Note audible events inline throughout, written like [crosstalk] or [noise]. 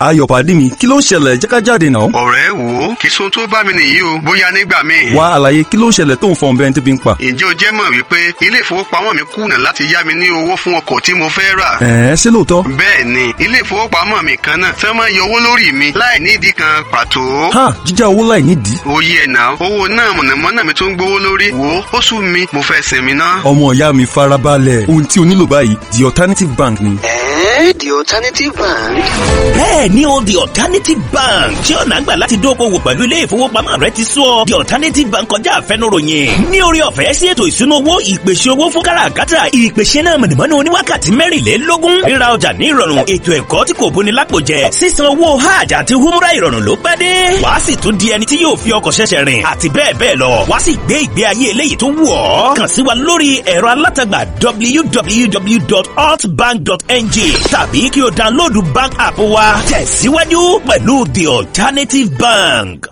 ayọ̀ pàdé mi kí ló ń ṣẹlẹ̀ jẹ́ náà. ọ̀rẹ́ wo kí sun tó bá mi nìyí o bóyá nígbà míì. wá àlàyé kí ló ń ṣẹlẹ̀ tó ń fọn bẹ́ẹ̀ tó fi ń pa. ǹjẹ́ o jẹ́ mọ̀ wípé ilé ìfowópamọ́ mi kùnà láti yá mi ní owó fún ọkọ̀ tí mo fẹ́ rà. ẹ ẹ lóòótọ́. bẹ́ẹ̀ ilé ìfowópamọ́ mi kan náà fẹ́ máa yọ owó lórí mi láì nídìí kan pàtó. ha jíjá owó láì nídìí. oyè ẹ̀ náà owó náà mọ̀nàmọ́ná mi wo ó sú mi mo fẹ́ sinmi ná. ọmọ ìyá mi o nílò the alternative bank ni the alternative bank. bẹ́ẹ̀ ni o the alternative bank ṣé ọ̀nà àgbà láti dókòwò pẹ̀lú ilé ìfowópamọ́ rẹ ti sọ the alternative bank kọjá àfẹnuròyìn ní orí ọ̀fẹ́ sí ètò ìṣúná owó ìpèsè owó fún káràkátà ìpèsè náà mọ̀nìmọ́nì oníwákàtí mẹ́rìnlélógún ríra ọjà ní ìrọ̀rùn ètò ẹ̀kọ́ tí kò bóni lápòjẹ sísan owó hajj àti humra ìrọ̀rùn ló pẹ́ dé wàá sì tún di ẹni tí yóò fi ọkọ̀ ṣẹ̀ṣẹ̀ rìn àti bẹ́ẹ̀ bẹ́ẹ̀ lọ wàá sì gbé ìgbé ayé eléyìí tó wù ọ́ kàn sí wa lórí ẹ̀rọ alátagbà www.altbank.ng tàbí kí o download bank app wa tẹ̀síwájú pẹ̀lú the alternative bank.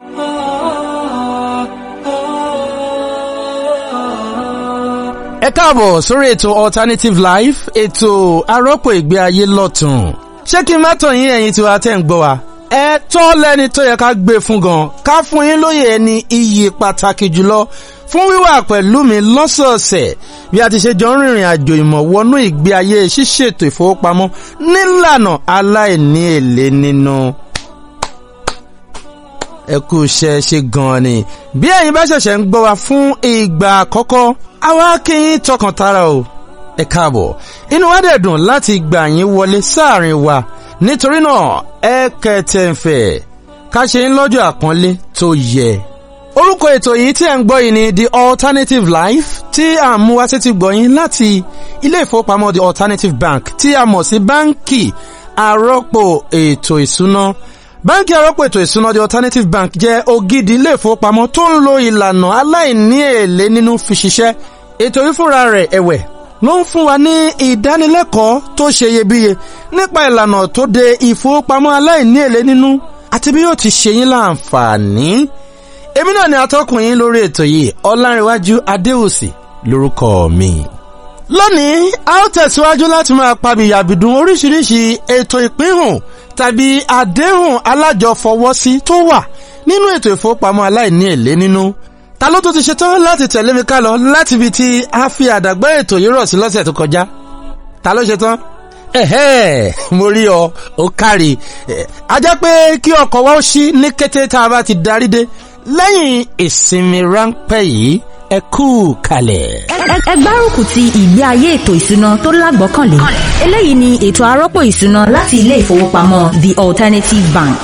ẹ káàbọ̀ sórí ètò alternative life ètò arọ́pò ìgbé ayé lọ́tun ṣé kí n má tàn yín ẹ̀yin tí wàá tẹ̀ ń gbọ́ wa ẹ tọ́ lẹ́ni tó yẹ ká gbé fún gan ká fún yín lóye ẹni iyì pàtàkì jùlọ fún wíwà pẹ̀lú mi lọ́sọ̀ọ̀sẹ̀ bí a ti ṣe jọ ń rìnrìn àjò ìmọ̀ wọnú ìgbé ayé ṣíṣètò ìfowópamọ́ nílànà aláìní èlé nínú. ẹ kú iṣẹ́ ṣe gan-an ni bí ẹ̀yin bá ṣẹ̀ṣẹ̀ ń gbọ́ wa fún ìgbà àkọ́kọ́ àwa kí yín tọkàn tara o ẹ káàbọ̀ inú wa dẹ̀ dùn láti gbà yín wọlé sáàrin wa nítorí náà ẹ kẹtẹ̀ ń fẹ̀ ká ṣe ń lọ́jọ́ àpọ́nlé tó yẹ orúkọ ètò yìí tí ẹ̀ ń gbọ́ yìí ni the alternative life tí à ń mú wá sétí gbọ̀yìn láti ilé ìfowópamọ́ the alternative bank tí a mọ̀ sí báńkì àrọ́pò ètò ìsúná báńkì àrọ́pò ètò ìsúná the alternative bank jẹ́ ogidi ilé ìfowópamọ́ tó ń lo ìlànà aláìní èlé nínú fi ṣiṣẹ́ ètò yìí fúnra rẹ̀ ẹ̀wẹ̀ ló ń fún wa ní ìdánilẹ́kọ̀ọ́ tó ṣe iyebíye nípa ìlànà tó de ìfowópamọ́ aláìní èlé nínú àti bí yóò ti ṣe yín láǹfààní èmi náà ni atọ́kùn yín lórí ètò yìí ọlárẹ̀wájú adéòsì lórúkọ mi. lónìí a ó tẹ̀síwájú láti máa pabìyàbìdùn oríṣiríṣi ètò ìpínhùn tàbí àdéhùn alájọfọwọ́sí tó wà nínú ètò ìfowópamọ́ aláìní èlé nínú ta ló tó ti ṣetán láti tẹ̀lé mi ká lọ láti ibi tí a fi àdàgbà ètò yìí rọ̀ sí lọ́sẹ̀ tó kọjá ta ló ṣetán ẹ̀hẹ́ mo rí ọ ó kárí a jẹ́ pé kí ọkọ̀ wa ó ṣí ní kété tá a bá ti darí dé lẹ́yìn ìsinmi ráńpẹ́ yìí ẹ kú kalẹ̀. ẹ gbárùkù ti ìgbé ayé ètò ìṣúná tó lágbọ́kànlé eléyìí ni ètò àrọ́pò ìṣúná láti ilé ìfowópamọ́ The Alternative Bank.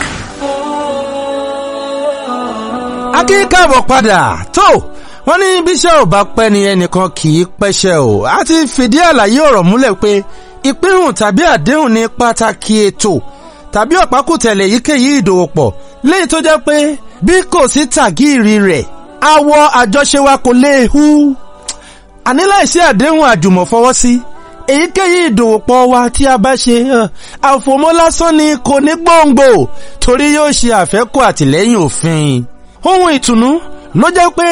akíkàbọ̀ padà tó wọ́n ní bíṣẹ́ ò bá pẹ́ ni ẹnìkan kì í pẹ́ṣẹ́ o a ti fìdí àlàyé ọ̀rọ̀ múlẹ̀ pé ìpinnu tàbí àdéhùn ní pàtàkì ètò tàbí ọ̀pákùtẹ̀lẹ̀ èyíkéyìí ìdòwòpọ̀ léyìí tó jẹ́ pé bí kò sí tàgíìrì rẹ̀ awọ àjọṣe wa kò lè hu àní láìsí àdéhùn àjùmọ̀ fọwọ́ sí èyíkéyìí ìdòwòpọ̀ wa tí a bá ṣe àfòmọ́ lásán ni kò ní gbòǹgbò torí yóò ṣe àfẹ́kù àtìlẹ́yìn òfin ohun ìtùnú ló jẹ́ pé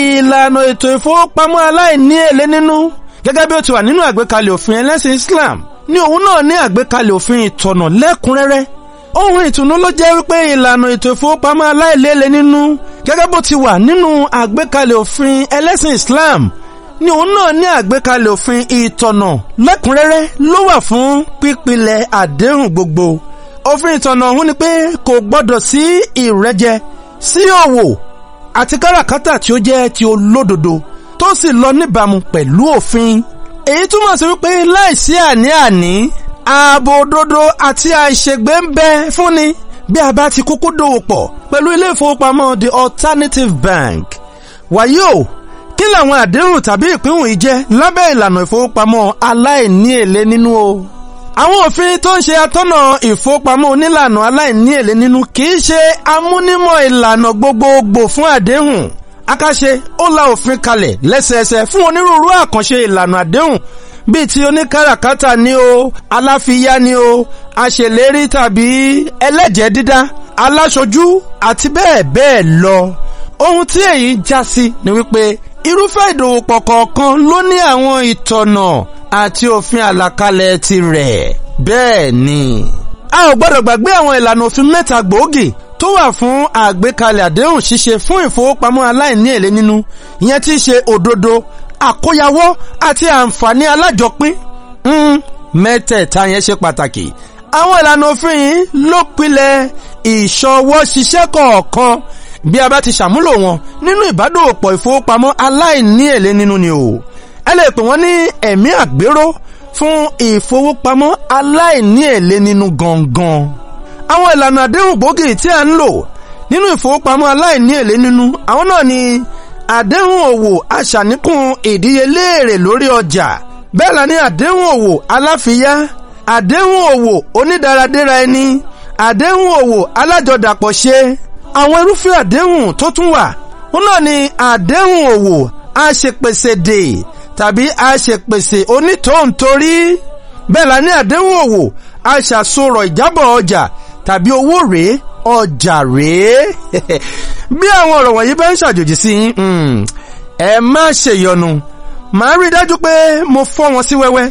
ìlànà ètò ìfowópamọ́ aláìní èlé nínú gẹ́gẹ́ bí ó ti wà nínú àgbékalẹ̀ òfin ẹlẹ́sìn Islam ni òun náà ní àgbékalẹ̀ òfin ìtọ̀nà lẹ́kùnrẹ́rẹ́ ohun ìtùnú ló jẹ́ wípé ìlànà ètò ìfowópamọ́ aláìléle nínú gẹ́gẹ́ bó ti wà nínú àgbékalẹ̀ òfin ẹlẹ́sìn Islam ni òun náà ní àgbékalẹ̀ òfin ìtọ̀nà lẹ́kùnrẹ́rẹ́ ló wà fún pípilẹ̀ àdéhùn gbogbo òfin ìtọ̀nà ọ̀hún ni pé kò gbọ́dọ̀ sí ìrẹ́jẹ sí òwò àti káràkátà tí ó jẹ́ ti olódodo tó sì lọ níbàámu pẹ̀lú òfin èyí túmọ̀ sí wípé láìsí àní-àní ààbò òdodo àti àìṣègbè ń bẹ fúnni bí a bá ti kúkú dòwò pọ̀ pẹ̀lú ilé ìfowópamọ́ the alternative bank wàyí o kí làwọn àdéhùn tàbí ìpínwìn jẹ́ lábẹ́ ìlànà ìfowópamọ́ aláìní èlé nínú o àwọn òfin tó ń ṣe atọ́nà ìfowópamọ́ onílànà aláìní èlé nínú kì í ṣe amúnímọ̀ ìlànà gbogbogbò fún àdéhùn akáṣe ó la òfin kalẹ̀ lẹ́sẹẹsẹ fún onírúurú àkànṣe ìlànà àdéhùn bíi ti oníkàràkátà ni o aláfiyá ni o aṣèlérí tàbí ẹlẹ́jẹ̀ dídá aláṣojú àti bẹ́ẹ̀ bẹ́ẹ̀ lọ ohun tí èyí já sí ni wípé irúfẹ́ ìdòwòpọ̀ kọ̀ọ̀kan ló ní àwọn ìtọ̀nà àti òfin àlàkalẹ̀ tirẹ̀ bẹ́ẹ̀ ni a ò gbọ́dọ̀ gbàgbé àwọn ìlànà òfin mẹ́ta gbòógì tó wà fún àgbékalẹ̀ àdéhùn ṣíṣe fún ìfowópamọ́ aláìní èlé nínú ìyẹn tí í ṣe òdodo àkóyawọ́ àti àǹfààní alájọpín hmm, mẹ́tẹ̀ẹ̀ta yẹn ṣe pàtàkì àwọn ìlànà òfin yìí ló pilẹ̀ ìṣọwọ́ ṣiṣẹ́ kọ̀ọ̀kan bí a bá ti ṣàmúlò wọn nínú ìbádòpọ̀ ìfowópamọ́ aláìní èlé nínú ni o ẹ lè pè wọ́n ní ẹ̀mí àgbéró fún ìfowópamọ́ aláìní èlé nínú gangan àwọn ìlànà àdéhùn gbòógì tí a ń lò nínú ìfowópamọ́ aláìní èlé nínú àwọn náà ni àdéhùn òwò aṣàníkún ìdíyelé èrè lórí ọjà bẹ́ẹ̀ la ní àdéhùn òwò aláfiyá àdéhùn òwò onídáradéra ẹni àdéhùn òwò alájọdàpọ̀ ṣe àwọn irúfẹ́ àdéhùn tó tún wà wọn náà ni àdéhùn òwò aṣèpèsèdè tàbí aṣèpèsè onítòǹtorí bẹ́ẹ̀ la ní àdéhùn òwò aṣàsorọ̀ ìjábọ̀ ọjà tàbí owó rèé ọjà rèé [laughs] bí àwọn ọ̀rọ̀ wọ̀nyí bá ń ṣàjòjì sí yín hmm, ẹ má ṣe yọnu màá rí i dájú pé mo fọ́ wọn sí wẹ́wẹ́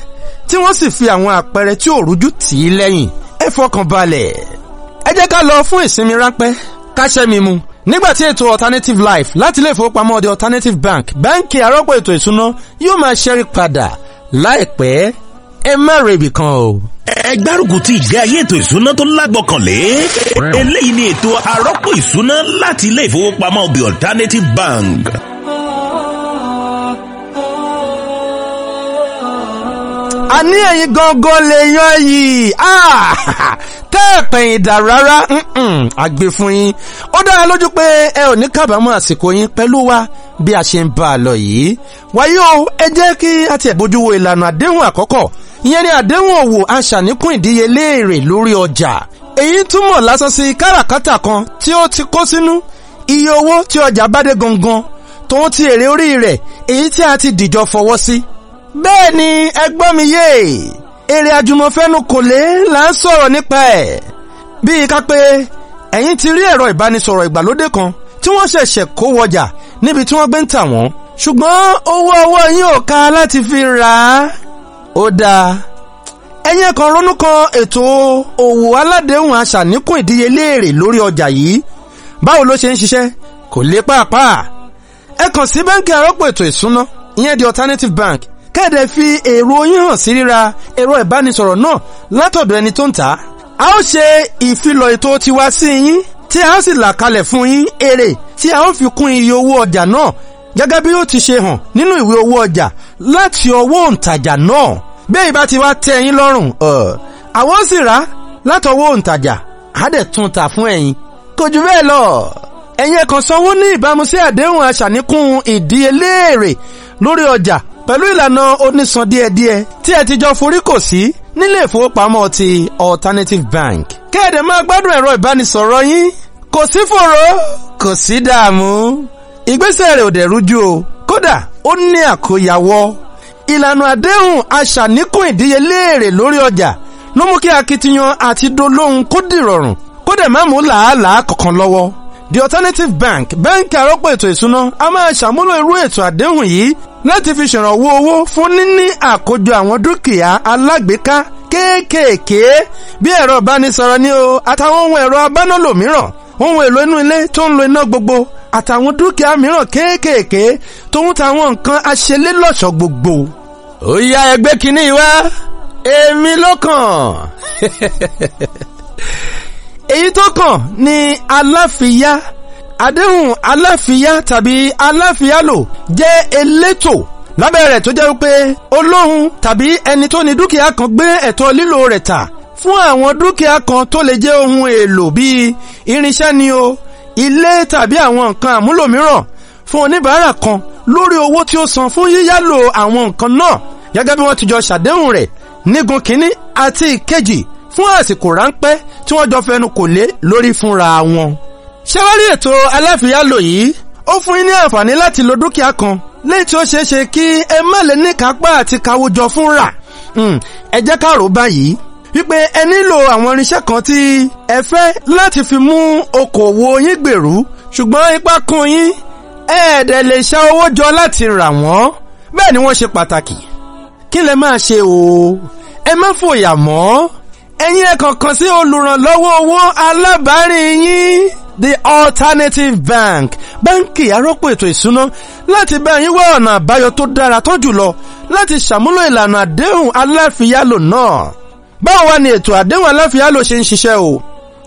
tí wọ́n sì fi àwọn àpẹẹrẹ tí ò tì í lẹ́yìn ẹ fọkàn balẹ̀ ẹ jẹ́ ká lọ fún ìsinmi ráńpẹ́ ká mi mu nígbà tí ètò alternative life láti ilé ìfowópamọ́ the alternative bank báńkì àrọ́pọ̀ ètò ìsúná yóò máa ṣẹ́rí padà láìpẹ́ ẹ má re ibì kan o. ẹ gbárùkù ti ìgbé ayé ètò ìsúná tó lágbọ́kànlé eléyìí ni ètò àrọ́pò ìsúná láti ilé ìfowópamọ́ the alternative bank. a ní ẹ̀yin gangan lè yan yìí ah! [laughs] tẹ́ ẹ̀ pẹ̀yìn dà rárá àgbè fún yín ó dára lójú pé ẹ ò ní kábàámọ̀ àsìkò yín pẹ̀lú wa bí a ṣe ń bá a lọ yìí wáyé o ẹ jẹ́ kí a tiẹ̀ bójú wo ìlànà àdéhùn àkọ́kọ́ ìyẹn ni àdéhùn òwò aṣàníkún ìdíyelé èrè lórí ọjà èyí túmọ̀ lásán sí káràkátà kan tí ó ti kó sínú iye owó tí ọjà bá dé gangan tòun ti èrè orí rẹ̀ èyí tí a ti dìjọ fọwọ́ sí. bẹ́ẹ̀ ni ẹgbọ́n mi yé èrè àjùmọ̀fẹ́nu kò lé là ń sọ̀rọ̀ nípa ẹ̀ bíi ká pé ẹ̀yin ti rí ẹ̀rọ ìbánisọ̀rọ̀ ìgbàlódé kan tí wọ́n ṣẹ̀ṣẹ̀ kó wọjà níbi tí wọ́n gbé ń tà wọ́n ṣùgbọ́n owó ọwọ́ yín ò ká láti fi rà á ó dáa ẹ̀yin kan ronú kan ètò òwò aládéhùn aṣàníkún ìdíyelé èrè lórí ọjà yìí báwo ló ṣe ń ṣiṣẹ́ kò lè pàápàá ẹ kàn sí bẹ́ńkì arọ́pò ètò ìsúná ìyẹn the alternative bank kẹ́ẹ̀dẹ̀ fi èrò yín hàn sí ríra ẹ̀rọ ìbánisọ̀rọ̀ náà látọ̀dọ̀ ẹni tó ń tà á a ó ṣe ìfilọ̀ ètò tiwa sí yín tí a ó sì là kalẹ̀ fún yín èrè tí a ó fi kún iye owó ọjà náà gẹ́gẹ́ bí ó ti ṣe hàn nínú ìwé owó ọjà láti ọwọ́ òǹtajà náà bẹ́ẹ̀ bá ti wá tẹ́ ẹ̀yin lọ́rùn àwọn sì rà láti ọwọ́ òǹtajà á dẹ̀ tún tà fún ẹ̀yin kò jù bẹ́ẹ̀ lọ ẹ̀yin ẹ̀kan sanwó ní ìbámu sí àdéhùn aṣàníkún ìdíyelé èrè lórí ọjà pẹ̀lú ìlànà onísan díẹ̀díẹ̀ tí ẹ ti jọ forí kò sí nílé ìfowópamọ́ ti Alternative Bank kẹ́ẹ̀dẹ̀ máa gbádùn ẹ̀rọ ìbánisọ̀rọ̀ yín kò sí fòró kò sí dààmú ìgbésẹ̀ rẹ̀ ò dẹ̀ rújú o kódà ó ní àkóyawọ́ ìlànà àdéhùn aṣàníkún ìdíyelé èrè lórí ọjà ló mú kí akitiyan àti dolóhun kó dìrọ̀rùn kódà má mú làálàá kankan lọ́wọ́ the alternative bank bẹ́ǹkì àrọ́pọ̀ ètò ìsúná a máa ṣàmúlò irú ètò àdéhùn yìí láti fi ṣèrànwọ́ owó fún níní àkójọ àwọn dúkìá alágbèéká kéékèèké bí ẹ̀rọ ìbánisọ̀rọ̀ ni o àtàwọn ohun ẹ̀rọ abánálò mìíràn ohun èlò inú ilé tó ń lo iná gbogbo àtàwọn dúkìá mìíràn kéékèèké tó ń ta àwọn nǹkan aṣelélọ́ṣọ̀ gbogbo. ó yá ẹgbẹ́ kínní wá èmi ló kàn. [laughs] èyí tó kàn ni aláfiyá àdéhùn aláfiyá tàbí aláfiyálò jẹ́ elétò lábẹ́ rẹ̀ tó jẹ́ wípé olóhun tàbí ẹni tó ní dúkìá kan gbé ẹ̀tọ́ lílò rẹ̀ tà fún àwọn dúkìá kan tó lè jẹ́ ohun èlò bíi irinṣẹ́ ni o ilé tàbí àwọn nǹkan àmúlò mìíràn fún oníbàárà kan lórí owó tí ó san fún yíyálò àwọn nǹkan náà gẹ́gẹ́ bí wọ́n ti jọ ṣàdéhùn rẹ̀ nígun kínní àti ìkejì fún àsìkò ráńpẹ́ tí wọ́n jọ fẹnu kò lé lórí fúnra wọn. ṣé wá rí ètò aláfiyálò yìí ó fún yín ní àǹfààní láti lo dúkìá kan lẹ́yìn tí ó ṣeé ṣe kí ẹ má lè níkápá àti kawójọ fúnra hmm, ẹ jẹ́ ká rò báyìí wípé ẹ nílò àwọn irinṣẹ́ kan tí ẹ fẹ́ láti fi mú okòwò yín gbèrú ṣùgbọ́n ipá kún yín ẹ̀ẹ́dẹ̀ lè ṣá owó jọ láti rà wọ́n bẹ́ẹ̀ ni wọ́n ṣe pàtàkì kí lẹ máa ṣe o ẹ má fòyà mọ́ ẹ̀yin ẹ kàn sí olùrànlọ́wọ́ owó alábàárìn yín the alternative bank báńkì arọ́pò ètò ìsúná láti bá yín wá ọ̀nà àbáyọ tó dára tó jùlọ láti ṣàmúlò ìlànà àdéhùn aláfiyálò náà báwo wá ni ètò àdéhùn aláfíà ló ṣe ń ṣiṣẹ́ o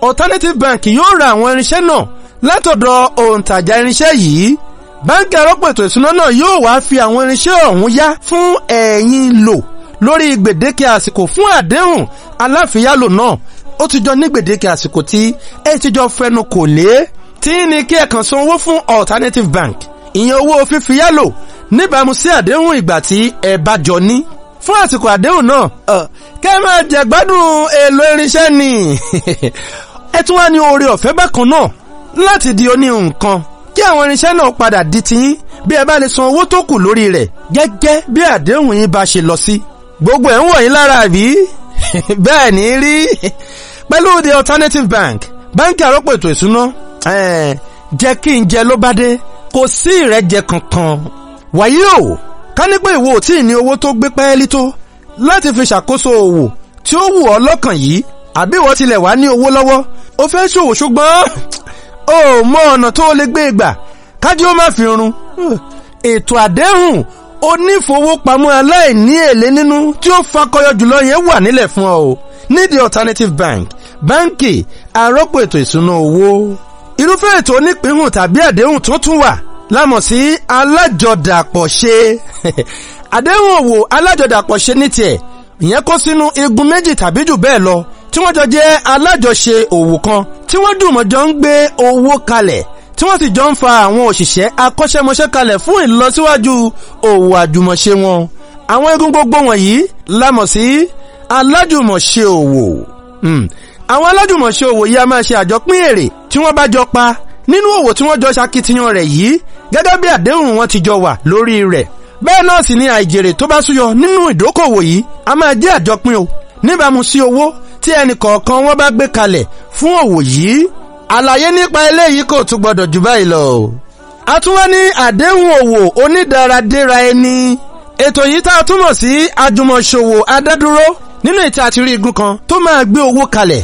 Alternative Bank yóò ra àwọn irinṣẹ́ náà látọ̀dọ̀ òǹtajà irinṣẹ́ yìí báńkì arọ́pò ètò ìṣúná náà yóò wá fi àwọn irinṣẹ́ ọ̀hún yá fún ẹ̀yin lò lórí gbèdéke àsìkò fún àdéhùn aláfiyálò náà ó ti jọ ní gbèdéke àsìkò tí ẹ ti jọ fẹnu kò lé tí ní kí ẹ kàn san owó fún Alternative Bank ìyẹn owó fífiyálò níbàámu sí àdéhùn ìgbà tí ẹ bá jọ ní fún àsìkò àdéhùn náà kẹ́ máa jẹ̀gbádùn èlò irinṣẹ́ ni [laughs] ẹ tún wá ní oore ọ̀fẹ́ bákan náà láti di oní nǹkan kí àwọn irinṣẹ́ náà padà di tiyín bí ẹ bá lè san owó tó kù lórí rẹ̀ gẹ́gẹ́ bí àdéhùn yín bá ṣe lọ sí gbogbo ẹ̀ ń wọ̀nyí lára àbí [laughs] bẹ́ẹ̀ ní rí pẹ̀lú the alternative bank báńkì àrọ́pọ̀ ètò ìṣúná jẹ́ kí n jẹ ló bá dé kò sí ìrẹ́jẹ kankan wàyí o ká ní pé ìwọ ò tí ì ní owó tó gbé pẹ́ẹ́lí tó láti fi ṣàkóso òwò tí ó wù ọ́ lọ́kàn yìí àbí ìwọ tilẹ̀ wá ní owó lọ́wọ́ ó fẹ́ ṣòwò ṣùgbọ́n ó mọ ọ̀nà tó lè gbé gbà kájí ó má fi run ètò àdéhùn onífowópamọ́ aláìní èlé nínú tí ó fakọyọ jùlọ yẹn wà nílẹ̀ fún ọ o ní the alternative bank báńkì àrọ́pò ètò ìṣúná owó irúfẹ́ ètò onípínhùn tàbí àdéhùn tó tún wà lámọ̀ sí alájọdàpọ̀ ṣe [laughs] àdéhùn òwò alájọdàpọ̀ ṣe ní tiẹ̀ ìyẹn kó sínú igun méjì tàbí jù bẹ́ẹ̀ lọ tí wọ́n jọ jẹ́ alájọṣe òwò kan tí wọ́n dùnmọ̀ jọ ń gbé owó kalẹ̀ tí wọ́n sì jọ ń fa àwọn òṣìṣẹ́ akọ́ṣẹ́mọṣẹ́ kalẹ̀ fún ìlọsíwájú òwò àjùmọ̀ṣe wọn àwọn igun gbogbo wọ̀nyí lámọ̀ sí alájùmọ̀ṣe òwò hmm. àwọn alájùmọ̀ṣe òwò yìí a máa ṣe àjọpín èrè tí wọ́n bá jọ pa nínú òwò tí wọ́n jọ ṣakitiyan rẹ̀ yìí gẹ́gẹ́ bí àdéhùn wọn ti jọ wà lórí rẹ̀ bẹ́ẹ̀ náà sì ni àìjèrè tó bá súyọ nínú ìdókòwò yìí a máa jẹ́ àjọpín o níbàámu sí owó tí ẹnì kọ̀ọ̀kan wọn bá gbé kalẹ̀ fún òwò yìí àlàyé nípa eléyìí kò tún gbọdọ̀ jù báyìí lọ o. a tún wá ní àdéhùn òwò onídàradéra ẹni ètò yìí tá a túmọ̀ sí àjùmọ̀ṣòwò adádúró nínú ìta àti rí igun kan tó máa gbé owó kalẹ̀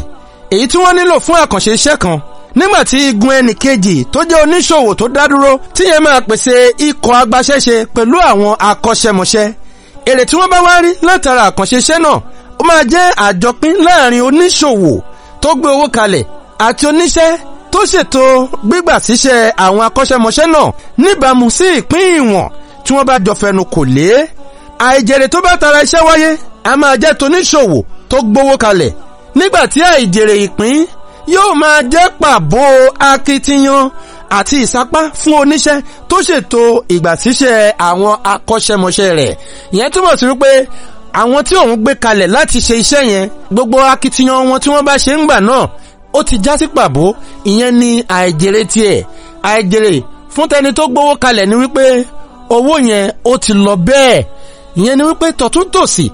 èyí tí wọ́n nílò fún àkànṣe iṣẹ́ kan nígbàtí igun ẹnìkejì tó jẹ́ oníṣòwò tó dádúró tíyẹn máa pèsè ikọ̀ agbaṣẹ́ṣe pẹ̀lú àwọn akọ́ṣẹ́mọṣẹ́ èrè tí wọ́n bá wá rí látara àkànṣe iṣẹ́ náà ó máa jẹ́ àjọpín láàrin oníṣòwò tó gbé owó kalẹ̀ àti oníṣẹ́ tó ṣètò gbígbà síṣẹ́ àwọn akọ́ṣẹ́mọṣẹ́ náà níbàámu sí ìpín ìwọ̀n tí wọ́n bá jọ fẹnu kò lé àìjèrè tó bá tara iṣẹ́ wáyé a máa jẹ́ toníṣòwò tó gbówó kalẹ̀ nígbà tí àìjèrè ìpín yóò máa jẹ́ pàbó akitiyan àti ìsapá fún oníṣẹ́ tó ṣètò ìgbà síṣẹ́ àwọn akọ́ṣẹ́mọṣẹ́ rẹ̀ ìyẹn túbọ̀ sí wípé àwọn tí òun gbé kalẹ̀ láti ṣe iṣẹ́ yẹn gbogbo akitiyan wọn tí wọ́n bá ṣe ń gbà náà ó ti já sí pàbó ìyẹn ni àìjèrè tiẹ̀ àìjèrè fún tẹni tó gbowó kalẹ̀ ni wípé owó yẹn ó ti lọ bẹ́ẹ̀ ìyẹn ni wípé tọ̀túntòsì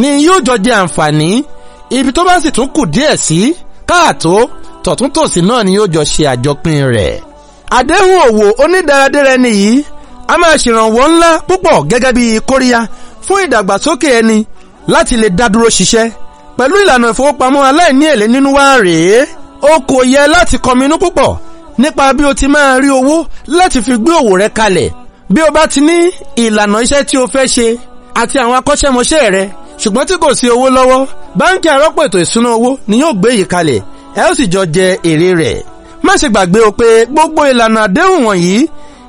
ni yóò jọ jẹ àǹfààní ibi tó bá sì tún kù díẹ̀ sí si, káàtó tọ̀túntòsì náà ni yóò jọ ṣe àjọpín rẹ̀. àdéhùn òwò onídàradẹ́rẹ́ nìyí a máa ṣèrànwọ́ ńlá púpọ̀ gẹ́gẹ́ bí kóríyá fún ìdàgbàsókè ẹni láti lè dádúró ṣiṣẹ́ pẹ̀lú ìlànà ìfowópamọ́ aláìní èlé nínú wá rèé o kò yẹ láti kọminú púpọ̀ nípa bí o ti máa rí owó láti fi gbé òwò rẹ kalẹ̀ bí o bá ti ní ìlànà iṣẹ́ tí o fẹ́ ṣe àti àwọn akọ́ṣẹ́mọṣẹ́ rẹ ṣùgbọ́n tí kò sí owó lọ́wọ́ báńkì àrọ́pọ̀ ètò ìṣúná owó ni yóò gbé yìí kalẹ̀ ẹ ó sì jọ jẹ èrè rẹ̀ má ṣe gbàgbé o pé gbogbo ìlànà àdéhùn wọ̀nyí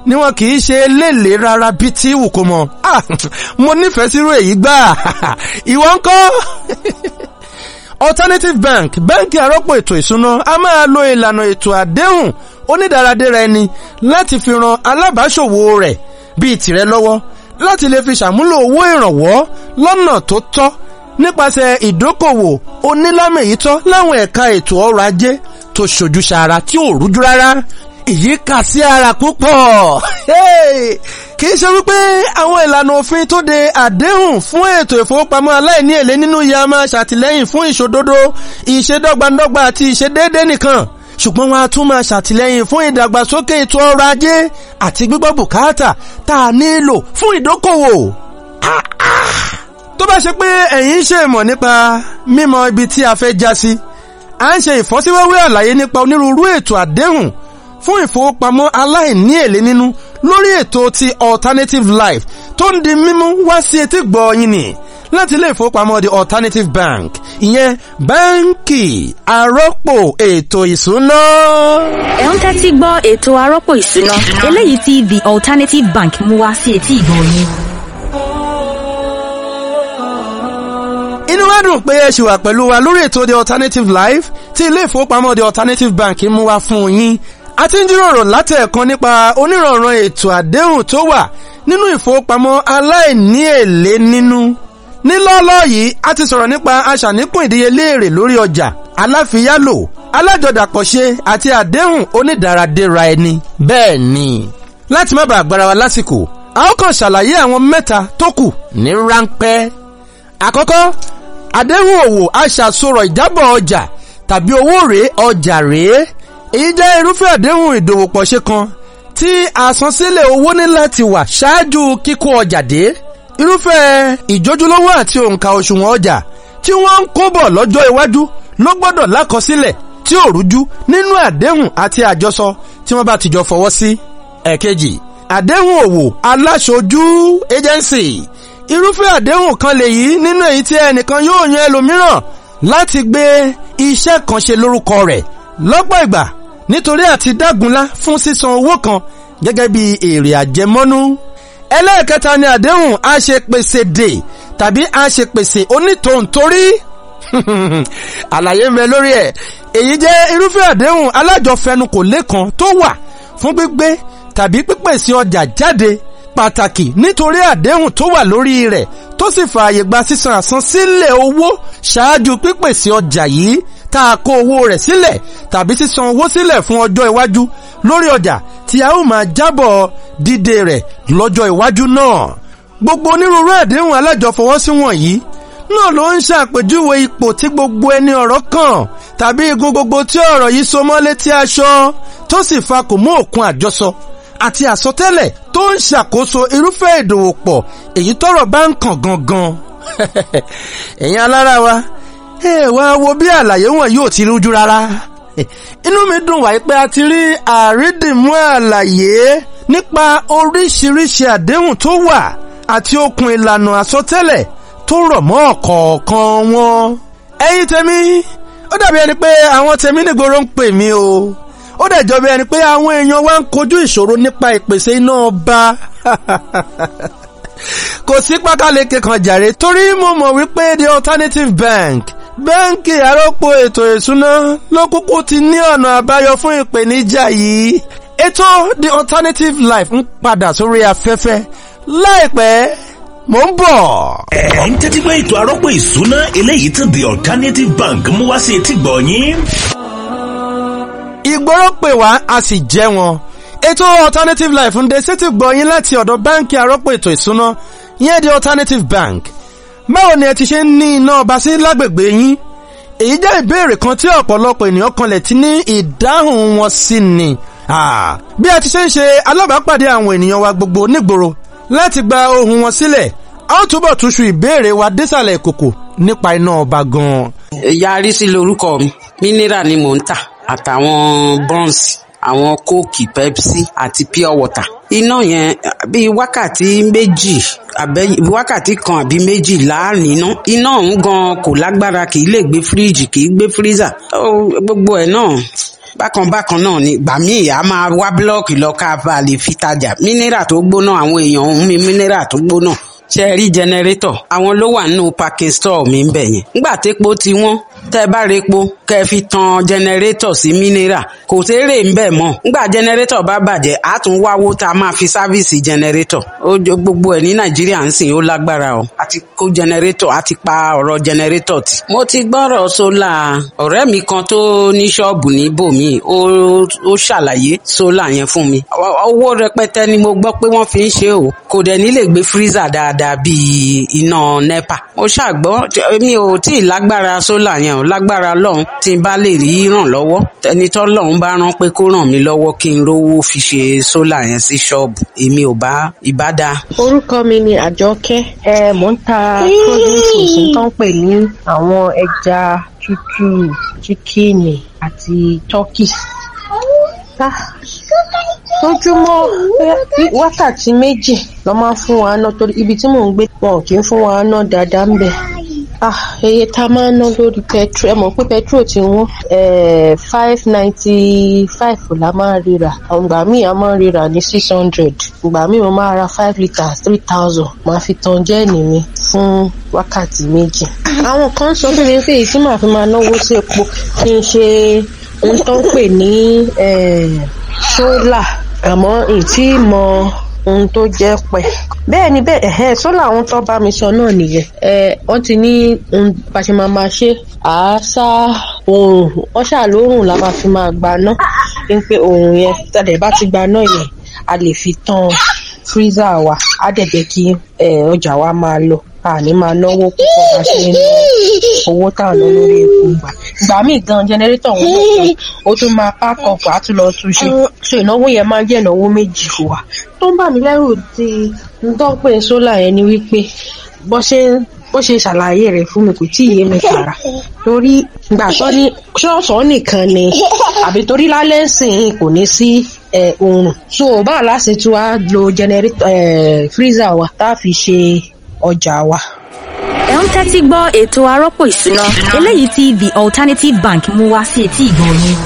ni wọn kì í ṣe léèlé rárá bíi tí wù kó mọ ah, [laughs] mo nífẹ̀ẹ́ sírú èyí gbà [laughs] ìwọ ń kọ́ [laughs] alternative bank bẹ́ǹkì àrọ́pọ̀ ètò ìṣúná a máa lo ìlànà ètò àdéhùn onídàáradéra ẹni láti fi ran alábàáṣòwò rẹ̀ bíi tìrẹ lọ́wọ́ láti lè fi ṣàmúlò owó ìrànwọ́ lọ́nà tó tọ́ nípasẹ̀ ìdókòwò onílámì yìí tọ́ láwọn ẹ̀ka ètò ọrọ̀ ajé tó ṣojú ṣàrà tí ò rújú rárá èyí kà sí ara púpọ̀ kì í ṣe wípé àwọn ìlànà òfin tó de àdéhùn fún ètò ìfowópamọ́ aláìní èlé nínú yìí a máa ṣàtìlẹ́yìn fún ìṣòdodo ìṣedọ́gbandọ́gba àti ìṣedéédé nìkan ṣùgbọ́n wọn a tún máa ṣàtìlẹ́yìn fún ìdàgbàsókè ètò ọrọ̀ ajé àti gbígbọ́ bùkátà tá a nílò fún ìdókòwò. tó bá ṣe pé ẹ̀yin ń ṣe ìmọ̀ nípa mímọ̀ ibi tí a fẹ́ já sí à ń ṣe ìfọ́síwẹ́wẹ́ àlàyé nípa onírúurú ètò àdéhùn fún ìfowópamọ́ aláìní èlé nínú lórí ètò ti alternative life tó ń di mímú wá sí etí gbọ̀ọ́yìn nìyí láti ilé ìfowópamọ́ the alternative bank ìyẹn báńkì àrọ́pò ètò ìṣúná. ẹ ń tẹ́tí gbọ́ ètò àrọ́pò ìṣúná eléyìí tí the alternative bank mú wá sí etí ìgbọ̀n yín. inú wa dùn pé ẹ ṣì wà pẹ̀lú wa lórí ètò the alternative life tí ilé ìfowópamọ́ the alternative bank mú wá fún yín a ti ń jíròrò láti ẹ̀kan nípa oníranran ètò àdéhùn tó wà nínú ìfowópamọ́ aláìní èlé nínú nílọ́ọ̀lọ́ yìí a ti sọ̀rọ̀ nípa aṣàníkùn ìdíyelé èrè lórí ọjà aláfiyálò alájọdàpọ̀ṣe àti àdéhùn onídàradéra ẹni. bẹ́ẹ̀ ni láti má bàa gbára wa lásìkò a ó kàn ṣàlàyé àwọn mẹ́ta tó kù ní ráńpẹ́. àkọ́kọ́ àdéhùn òwò aṣàsọ̀rọ̀ ìjábọ̀ ọjà tàbí owó rèé ọjà rèé èyí jẹ́ irúfẹ́ àdéhùn ìdòwòpọ̀ṣe kan tí àsansílẹ̀ owó ní láti wà ṣáájú kíkó ọjà dé irúfẹ́ ìjójúlówó àti òǹkà òṣùwọ̀n ọjà tí wọ́n ń kó bọ̀ lọ́jọ́ iwájú ló gbọ́dọ̀ lákọsílẹ̀ tí ò rújú nínú àdéhùn àti àjọsọ tí wọ́n bá ti jọ fọwọ́ sí. ẹ̀kejì àdéhùn òwò aláṣojú agency irúfẹ́ àdéhùn kan lèyí nínú èyí tí ẹnìkan yóò yan ẹlòmíràn láti gbé iṣẹ́ kan ṣe lórúkọ rẹ̀ lọ́pọ̀ ìgbà nítorí àti dágunlá fún sísan owó kan gẹ́gẹ́ bí èrè àjẹmọ́nú ẹlẹ́ẹ̀kẹta ni àdéhùn àṣepèsè dè tàbí àṣepèsè onítòǹtorí [laughs] àlàyé ń bẹ lórí ẹ̀ èyí jẹ́ irúfẹ́ àdéhùn alájọfẹnukò lẹ́kan tó wà fún gbígbé tàbí pípèsè ọjà jáde pàtàkì nítorí àdéhùn tó wà lórí rẹ̀ tó sì fààyè gba sísan àsansílẹ̀ owó ṣáájú pípèsè ọjà yìí tá a kó owó rẹ̀ sílẹ̀ tàbí sísan owó sílẹ̀ fún ọjọ́ iwájú lórí ọjà tí a ó máa jábọ̀ dídé rẹ̀ lọ́jọ́ iwájú náà. gbogbo onírúurú àdéhùn alájọfọwọ́sí wọ̀nyí náà ló ń ṣàpèjúwe ipò tí gbogbo ẹni ọ̀rọ̀ kàn tàbí igun gbogbo tí ọ̀rọ̀ yìí so mọ́ létí aṣọ tó sì fa kò mú òkun àjọsọ àti àsọtẹ́lẹ̀ tó ń ṣàkóso irúfẹ́ ìdòwòpọ̀ èyí tọ́rọ̀ bá ń kàn gangan. [laughs] ẹ̀yin alára wa ẹ̀wọ̀n wo bí àlàyé wọn yóò ti rújú rárá inú mi dùn wáyé pé a ti rí àrídìmú àlàyé nípa oríṣiríṣi àdéhùn tó wà àti okùn ìlànà àsọtẹ́lẹ̀ tó rọ̀ mọ́ ọ̀kọ̀ọ̀kan wọn. ẹ̀yin tèmi ó dàbí ẹni pé àwọn tèmi nígboro ń pè mí o ó dẹ̀ jọ bí ẹni pé àwọn èèyàn wa ń kojú ìṣòro nípa ìpèsè iná ọba [laughs] kò sí pákáleke kan jàre torí mo mọ̀ wípé the alternative bank bẹ́ńkì àrọ́pò ètò ìṣúná ló kúkú ti ní ọ̀nà àbáyọ fún ìpèníjà yìí ètò the alternative life ń padà sórí afẹ́fẹ́ láìpẹ́ mo ń bọ̀. ẹ ń tẹ́tí pé ètò àrọ́pò ìṣúná eléyìí tí the alternative bank mú wá sí etí gbọ̀ yín. ìgbọ́rọ̀ pè wá a sì jẹ́ wọn ètò alternative life ń de sétí gbọ̀ yín láti ọ̀dọ̀ báńkì àrọ́pò ètò ìṣúná yẹn the alternative bank báwo ni ẹ ti ṣe ń ní iná ọba sí lágbègbè yín èyí jẹ́ ìbéèrè kan tí ọ̀pọ̀lọpọ̀ ènìyàn kanlẹ̀ ti ní ìdáhùn wọn sí ni bí a ti ṣe ń ṣe alábàápàdé àwọn ènìyàn wa gbogbo nígboro láti gba ohùn wọn sílẹ̀ a ó túbọ̀ túnṣu ìbéèrè wa désàlẹ̀ ìkòkò nípa iná ọba gan-an. Yarí sí lórúkọ mi mineral ni mò ń tà àtàwọn bronze àwọn kóòkì pepsi àti pure water iná yẹn bíi wákàtí méjì àbẹ wákàtí kan àbí méjì láàrin iná iná ọ̀hún gan kò lágbára kì í lè gbé fíríjì kì í gbé fírízà gbogbo ẹ̀ náà bákan bákan náà ni ìgbà míì a máa wá búlọ́ọ̀kì lọ ká bá a lè fi tajà mínírà tó gbóná àwọn èèyàn ń mi mínírà tó gbóná ṣe rí jẹnẹrétọ̀ àwọn ló wà nínú parking store mi ń bẹ̀ yẹn nígbà tépo ti tẹ́ ẹ bá rí epo kẹ́ ẹ fi tan jẹnẹrétọ̀ sí mínírà kò sérè ń bẹ̀ mọ́ nígbà jẹnẹrétọ̀ bá bàjẹ́ a tún wáwó tá a máa fi sáfíìsì jẹnẹrétọ̀ ó gbogbo ẹ̀ ní nàìjíríà ń sìn ó lágbára o a ti kó jẹnẹrétọ̀ a ti pa ọ̀rọ̀ jẹnẹrétọ̀ tì. mo ti gbọ́rọ̀ sólà ọ̀rẹ́ mi kan tó ní ṣọ́ọ̀bù níbòmí ó ṣàlàyé sólà yẹn fún mi owó rẹpẹtẹ ni mo gbọ́ pé wọ́n fi ń ṣe o kò dẹ̀ ní lè gbé freezer dáadáa bíi iná nepa mo ṣàgbọ́ mi ò tí ì lágbára sólà yẹn ò lágbára lọ́hùn tí n bá lè rí ràn lọ́wọ́ ẹni tó lọ́hùn bá rán pé kó ràn mí lọ́wọ́ kí n rówó fi ṣe sólà yẹn sí ṣọ́ọ̀bù èmi ò bá ìbá orúkọ mi ni àjọkẹ́ ẹ mò ń ta produce tó ń pè ní àwọn ẹja tútù chíkìnì àti tọ́kì lójúmọ́ wákàtí méjì ló máa fún wa ná torí ibi tí mò ń gbé wọn kì í fún wa ná dáadáa ń bẹ̀. Ah, iye tá a máa ń ná lórí pẹtrol ẹ mọ̀ pé pẹtrol ti wọ́n eh, five ninety five la máa ń rira ìgbà míì a máa rira ní six hundred ìgbà míì mo máa ra five litres three thousand máa fi tan jẹ́ẹ̀nì mi fún wákàtí méjì. àwọn kan sọ fún mi pé èyí tí màá fi máa náwó sí epo kí n ṣe ohun tó ń pè ní ṣólà eh, àmọ́ ìtì mọ́ ohun tó jẹ́ pẹ̀. bẹ́ẹ̀ ni bẹ́ẹ̀ ẹ̀hẹ́n sólà ohun tó bá mi sọ náà nìyẹn ẹ wọ́n ti ní ohun bá ṣe máa máa ṣe àásá oòrùn wọ́n ṣàlóòrùn la máa fi máa gbaná ní pé oòrùn yẹn tàdé bá ti gbaná yẹn a lè fi tán freezer wa á dẹ̀ jẹ́ kí ọjà wa máa lọ àní máa náwó púpọ̀ bá ṣe ń lọ owó tá à ń lọ lórí epo gbà gbà mí gan jẹnẹrétọ̀ wọn lọ́kàn ó tún máa pákọ̀ pàá tún lọ tún ṣe so ìnáwó yẹn máa jẹ́ ìnáwó méjì fún tó ń bà mí lẹ́rù ti ń dọ́pẹ́ sólà yẹn ni wípé bọ́ ṣe bó ṣe ṣàlàyé rẹ̀ fún mi kò tí ì yé mi fara torí gbà tó ní ṣọ́ọ̀ṣọ́ nìkan ni àbí torí lálẹ́ sìn kò ní sí oòrùn so báà láti tún wá lo freezer wa tá a fi ṣe ọjà wa ń tẹ́tí gbọ́ ètò arọ́pò ìṣúná eléyìí tí the alternative bank mú wá sí etí ìgbọ̀n yín.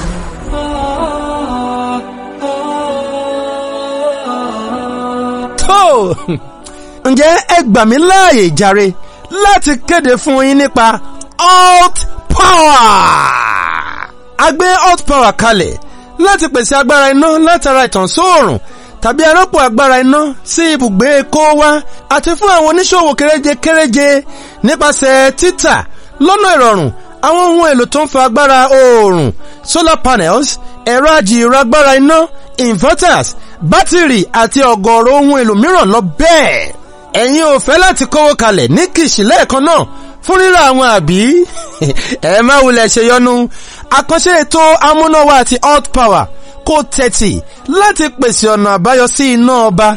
ǹjẹ́ ẹ gbà mí láàyè jàre láti kéde fún yín nípa alt power. a gbé alt power kalẹ̀ láti pèsè agbára iná látara ìtànsóòrùn tàbí arọ́pò agbára iná sí ibùgbé kó wá àti fún àwọn oníṣòwò kéréje kéréje nípasẹ̀ títà lọ́nà ìrọ̀rùn àwọn ohun èlò tó ń fa agbára oòrùn solar panels ẹ̀rọ ajìràgbára iná inverters bátìrì àti ọ̀gọ̀ọ̀rọ̀ ohun èlò mìíràn lọ bẹ́ẹ̀ ẹ̀yin ò fẹ́ láti kówó kalẹ̀ ní kìsì lẹ́ẹ̀kan náà fún rírà àwọn àbí [laughs] ẹ má wulẹ̀ ṣe yọnu àkànṣe ètò amúnáwá àti hot power kó tẹ́tì láti pèsè ọ̀nà àbáyọ sí iná ọba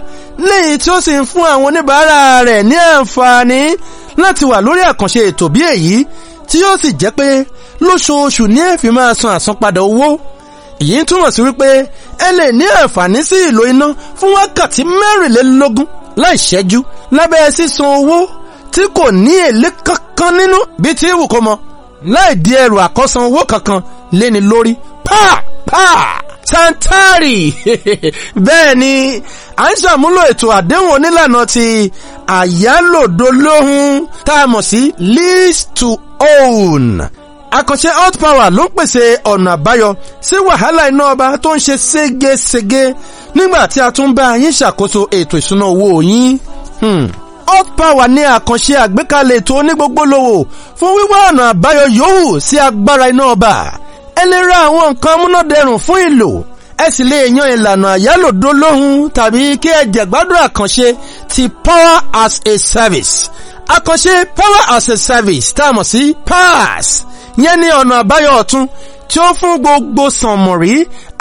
léyìí tí ó sì ń fún àwọn oníbàárà rẹ̀ ní àǹfààní láti wà lórí àkànṣe ètò bí èyí tí yóò sì jẹ́ pé lóṣooṣù ní ẹ fi máa san àsanpadà owó èyí túmọ̀ sí wípé ẹ lè ní àǹfààní sí ìlò iná fún wákàtí mẹ́rìnlélógún láì ṣẹ́jú lábẹ́ sísan owó tí kò ní èlé kankan nínú bí tí wù kó mọ láì di ẹrù àkọ́san owó kankan léni lórí pàápàá tantari [laughs] bẹ́ẹ̀ ni à ń ṣàmúlò ètò àdéhùn onílànà ti àyálòdolóhùn tá a mọ̀ sí lease to own àkànṣe hot power ló ń pèsè ọ̀nà àbáyọ sí wàhálà iná ọba tó ń ṣe ségesège nígbà tí a tún bá yín ṣàkóso ètò ìṣúná owó yín. Hmm hot power ní àkànṣe àgbékalẹ̀ ètò onígbogbo lowo fún wíwá ọ̀nà àbáyọ yòówù sí agbára iná ọba ẹ lè ra àwọn nǹkan múnádẹrùn fún ìlò ẹ sì lè yan ìlànà àyálòdó lóhun tàbí kí ẹ jẹ̀gbádùn àkànṣe ti power as a service àkànṣe power as a service tá a mọ̀ sí PaaS yẹn ní ọ̀nà àbáyọ ọ̀tun tí ó fún gbogbo sànmọ̀rí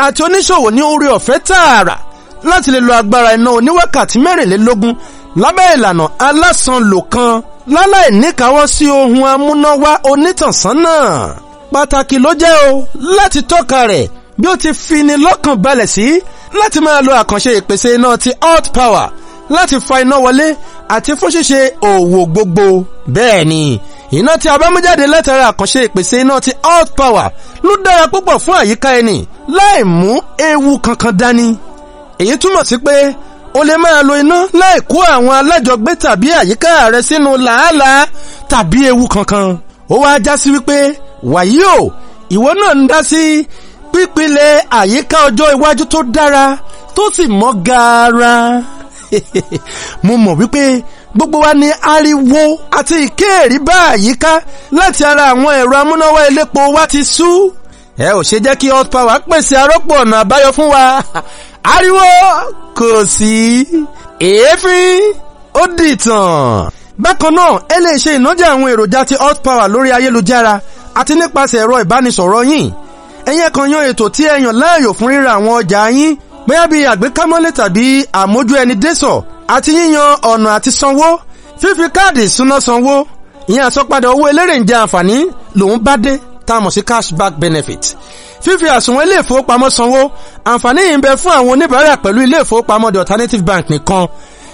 àti oníṣòwò ní orí ọ̀fẹ́ tààrà láti lè lo agbára iná oníwákàtí mẹ́rìnlélógún lábẹ́ ìlànà alásànlò kan láláì níkàáwọ́ sí ohun amúnáwá onítànsán náà pàtàkì ló jẹ́ o láti tọ́ka rẹ̀ bí ó ti fi ni lọ́kàn balẹ̀ sí láti máa lo àkànṣe ìpèsè iná ti hot power láti fa iná wọlé àti fún ṣíṣe òwò gbogbo. bẹ́ẹ̀ ni iná tí a bá mú látara àkànṣe ìpèsè iná ti hot power ló dára púpọ̀ fún àyíká ẹni láì mú ewu kankan dání. èyí túmọ̀ sí pé o lè máa lo iná láì kó àwọn alájọgbé tàbí àyíká rẹ sínú làálàá tàbí ewu kankan. ó wá já wípé wàyí o ìwọ náà ń dá sí pípínlẹ̀ àyíká ọjọ́ iwájú tó dára tó sì mọ́ gaara [laughs] mo mọ̀ wípé gbogbo wa ni ariwo àti ìkéèrí bá àyíká láti ara àwọn ẹ̀rọ amúnáwá elépo wa ti sú ẹ ò ṣe jẹ́ kí hot power pèsè arọ́pò ọ̀nà àbáyọ fún wa [laughs] ariwo kò sí èéfín ó dìtàn bákan náà ẹ lè ṣe ìnájà àwọn èròjà ti hot power lórí ayélujára àti nípasẹ̀ ẹ̀rọ ìbánisọ̀rọ̀ yín ẹ̀yẹ́ kan yan ètò tí ẹ yàn láàyò fún rírà àwọn ọjà yín bóyá bíi àgbékámọ́lé tàbí àmójú ẹni dẹ́sọ̀ àti yíyan ọ̀nà àti sanwó fífi káàdì ìsúná sanwó ìyẹn àsanpadà owó elérè ń jẹ àǹfààní lòún bá dé tá sí cashback benefit fífi àsùnwọ̀n ilé ìfowópamọ́ sanwó àǹfààní yìí ń bẹ fún àwọn oníbàárà pẹ̀lú ilé ìfowópamọ́ the alternative bank nìkan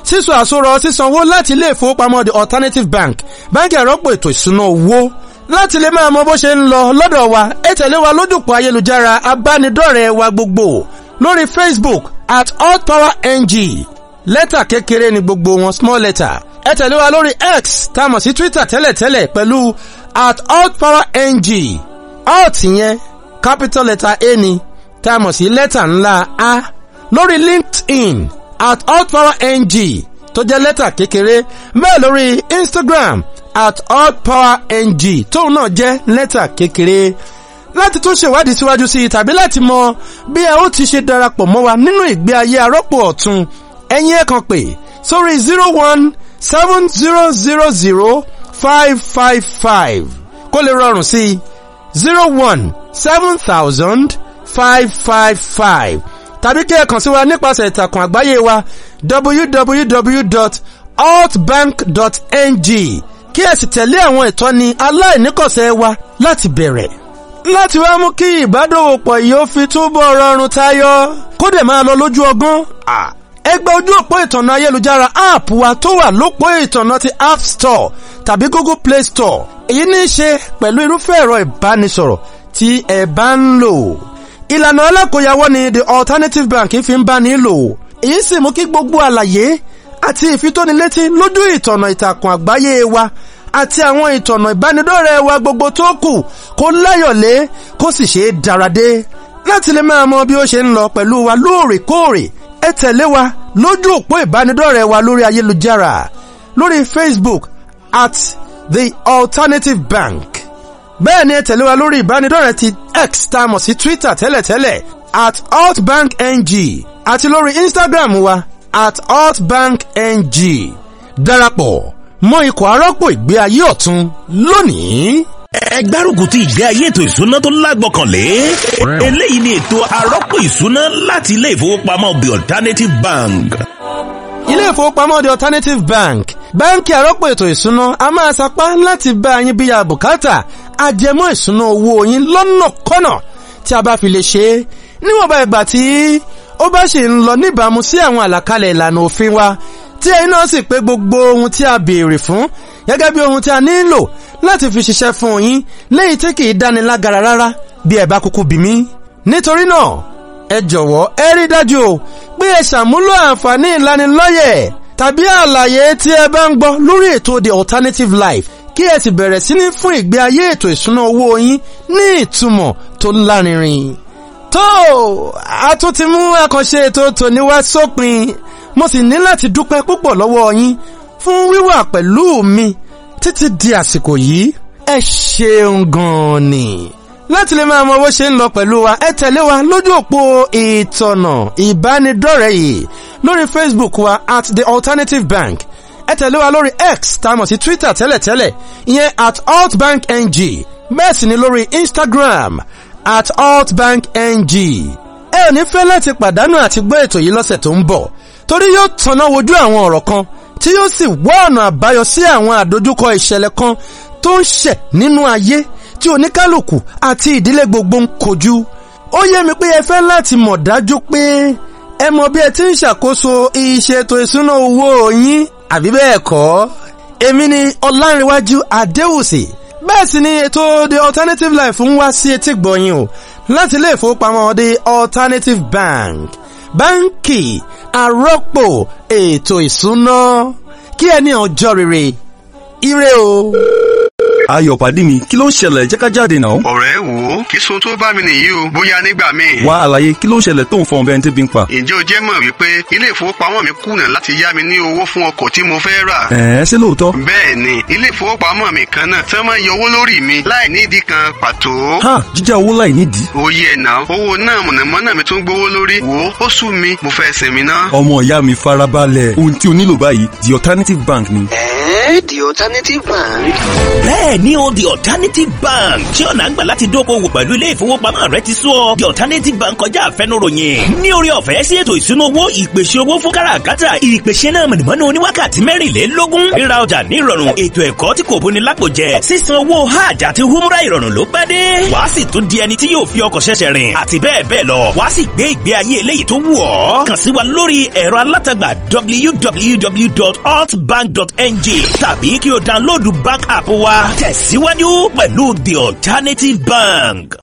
sísọ àsọ̀rọ̀ sísanwó láti ilé ìfowópamọ́ the alternative bank báńkì àrọ́pò ètò ìsúná owó láti lè máa mọ bó ṣe ń lọ lọ́dọ̀ wa ẹ tẹ̀lé wa lójúpọ̀ ayélujára abánidọ́rẹ̀ẹ́ wa gbogbo lórí Facebook at altpowerng lẹ́tà kékeré ni gbogbo wọn small letter ẹ tẹ̀lé wa lórí X tá a mọ̀ sí Twitter tẹ́lẹ̀tẹ́lẹ̀ pẹ̀lú at altpowerng alt yẹn capital letter A ni tá a mọ̀ sí lẹ́tà ńlá A lórí LinkedIn at altpowerng tó jẹ́ lẹ́tà kékeré bẹ́ẹ̀ lórí Instagram at all power ng tóun náà jẹ́ lẹ́tà kékeré láti tún ṣèwádìí síwájú sí i tàbí láti mọ bí ẹ ó ti ṣe darapọ̀ mọ́ wa nínú ìgbé ayé arọ́pò ọ̀tun ẹ̀yin ẹ̀ kan sórí zero one seven zero zero zero five five five kó lè rọrùn sí zero one seven thousand five five five tàbí kí ẹ kàn sí wa nípasẹ̀ ìtàkùn àgbáyé wa www.altbank.ng kí ẹ sì tẹ̀lé àwọn ìtọ́ni aláìníkọ̀sẹ̀ wa láti bẹ̀rẹ̀ láti wá mú kí ìbádòwòpọ̀ yìí ó fi túbọ̀ rọrùn tayọ kó dẹ̀ máa lọ lójú ọgán ẹgbẹ́ ojú òpó ìtànà ayélujára app wa tó wà lópó ìtànà ti app store tàbí google play store èyí ní í ṣe pẹ̀lú irúfẹ́ ẹ̀rọ ìbánisọ̀rọ̀ tí ẹ bá ń lò. ìlànà alákòyawọ́ ni the alternative bank fi ń bá ní lò èyí sì mú kí gbogbo àlàyé àti ìfitónilétí lójú ìtọ̀nà ìtàkùn àgbáyé wa àti àwọn ìtọ̀nà ìbánidọ́rẹ̀ẹ́ wa gbogbo tó kù kó láyọ̀lé kó sì ṣe é dáradé láti lè máa mọ bí ó ṣe ń lọ pẹ̀lú wa lóòrèkóòrè ẹ tẹ̀lé wa lójú òpó ìbánidọ́rẹ̀ẹ́ wa lórí ayélujára lórí Facebook at the Alternative Bank bẹ́ẹ̀ ni ẹ tẹ̀lé wa lórí ìbánidọ́rẹ̀ẹ́ ti X tá a mọ̀ sí Twitter tẹ́lẹ̀tẹ́lẹ̀ at altbankng àti lórí Instagram wa at altbank ng darapọ̀ mọ́ ikọ̀ arọ́pò ìgbé ayé ọ̀tun lónìí ẹgbẹ́rùkù ti ìgbé ayé ètò ìsúná tó lágbọ́kànlé eléyìí ni ètò arọ́pò ìsúná láti ilé ìfowópamọ́ the alternative bank. ilé ìfowópamọ́ the alternative bank báńkì arọ́pò ètò ìsúná a máa sapá láti bá yín bíya bùkátà ajẹmọ́ ìsúná owó yín lọ́nà kọ́nà tí a bá fi lè ṣe é níwọ̀nba ìgbà tí ó bá sì ń lọ níbàámu sí àwọn àlàkalẹ̀ ìlànà òfin wa tí ẹ̀yin náà sì pé gbogbo ohun tí a béèrè fún gẹ́gẹ́ bí ohun tí a nílò láti fi ṣiṣẹ́ fún yín léyìí tí kì í dánilágara rárá bí ẹ bá kúkú bí mí. nítorí náà ẹ jọ̀wọ́ ẹ rí dájú o pé ẹ ṣàmúlò àǹfààní ìlanilọ́yẹ̀ tàbí àlàyé tí ẹ bá ń gbọ́ lórí ètò the alternative life kí ẹ sì bẹ̀rẹ̀ sí ní fún ìgbé ayé ètò ìṣúná owó yín ní ìtumọ̀ tó lárinrin tó a tún ti mú àkànṣe ètò tòní wá sópin mo sì ní láti dúpẹ́ púpọ̀ lọ́wọ́ yín fún wíwà pẹ̀lú mi títí di àsìkò yìí ẹ ṣeun gan-an ni. láti lè máa mọ bó ṣe ń lọ pẹ̀lú wa ẹ tẹ̀lé wa lójú òpó ìtọ̀nà ìbánidọ́rẹ̀ẹ́ lórí Facebook wa at the Alternative Bank ẹ tẹ̀lé wa lórí X tá a mọ̀ sí Twitter tẹ́lẹ̀tẹ́lẹ̀ ìyẹn at altbankng bẹ́ẹ̀ sì ni lórí Instagram at altbank ng ẹ ò ní fẹ́ láti pàdánù àti gbọ́ ètò yìí lọ́sẹ̀ tó ń bọ̀ torí yóò tanná wojú àwọn ọ̀rọ̀ kan tí yóò sì wá ọ̀nà àbáyọ sí àwọn àdójúkọ ìṣẹ̀lẹ̀ kan tó ń ṣẹ̀ nínú ayé tí oníkálùkù àti ìdílé gbogbo ń kojú ó yé mi pé ẹ fẹ́ láti mọ̀ dájú pé ẹ mọ bí ẹ ti ń ṣàkóso ìṣètò ìṣúná owó yín àbí bẹ́ẹ̀ kọ́ èmi ni ọlárìnwájú adéwùsì bẹ́ẹ̀ sì ni ètò the alternative life ń wá sí etí gbọ̀nyìn o láti ilé ìfowópamọ́ the alternative bank báńkì àrọ́pò ètò ìsúná kí ẹ ní ọjọ́ rere ire o ayọ̀ pàdé mi kí ló ń ṣẹlẹ̀ jẹ́ ká jáde náà. ọ̀rẹ́ wo kí sun tó bá mi nìyí o bóyá nígbà míì. wá àlàyé kí ló ń ṣẹlẹ̀ tó ń fọhùn bẹ́ẹ̀ tẹ́bi ń pa. ǹjẹ́ o jẹ́ mọ̀ wípé ilé ìfowópamọ́ mi kùnà láti yá mi ní owó fún ọkọ̀ tí mo fẹ́ rà. ẹ̀ẹ́ ṣé lóòótọ́. bẹ́ẹ̀ ni ilé ìfowópamọ́ mi kan náà tí wọ́n máa yọ owó lórí mi láì nídìí kan pàtó. ha jíjá owó láì nídìí. oyè náà owó náà mọ̀nàmọ́ná mi tún gbówó lórí wo ó mi mo fẹ́ sinmi mi farabalẹ̀ ohun tí the alternative bank ni. ẹ̀ẹ́ the alternative bank ní o the alternative bank ṣé ọ̀nà àgbà láti dókòwò pẹ̀lú ilé ìfowópamọ́ rẹ ti sú the alternative bank kọjá àfẹnuròyìn ní orí ọ̀fẹ́ sí ètò ìṣúná owó ìpèsè owó fún káràkátà ìpèsè náà mọ̀nàmọ́ná oníwákàtí mẹ́rìnlélógún ríra ọjà ní ìrọ̀rùn ètò ẹ̀kọ́ tí kò bóni lápòjẹ sísan owó hajj àti humra ìrọ̀rùn ló pẹ́ dé wàá sì tún di ẹni tí yóò fi ọkọ̀ ṣẹ̀ṣẹ̀ rìn àti bẹ́ẹ̀ bẹ́ẹ̀ lọ wàá sì gbé ìgbé ayé eléyìí tó wù ọ́ kàn sí wa lórí ẹ̀rọ alátagbà www.altbank.ng tàbí kí o download bank app wa tẹ̀ tẹ̀síwájú pẹ̀lú The Alternative Bank.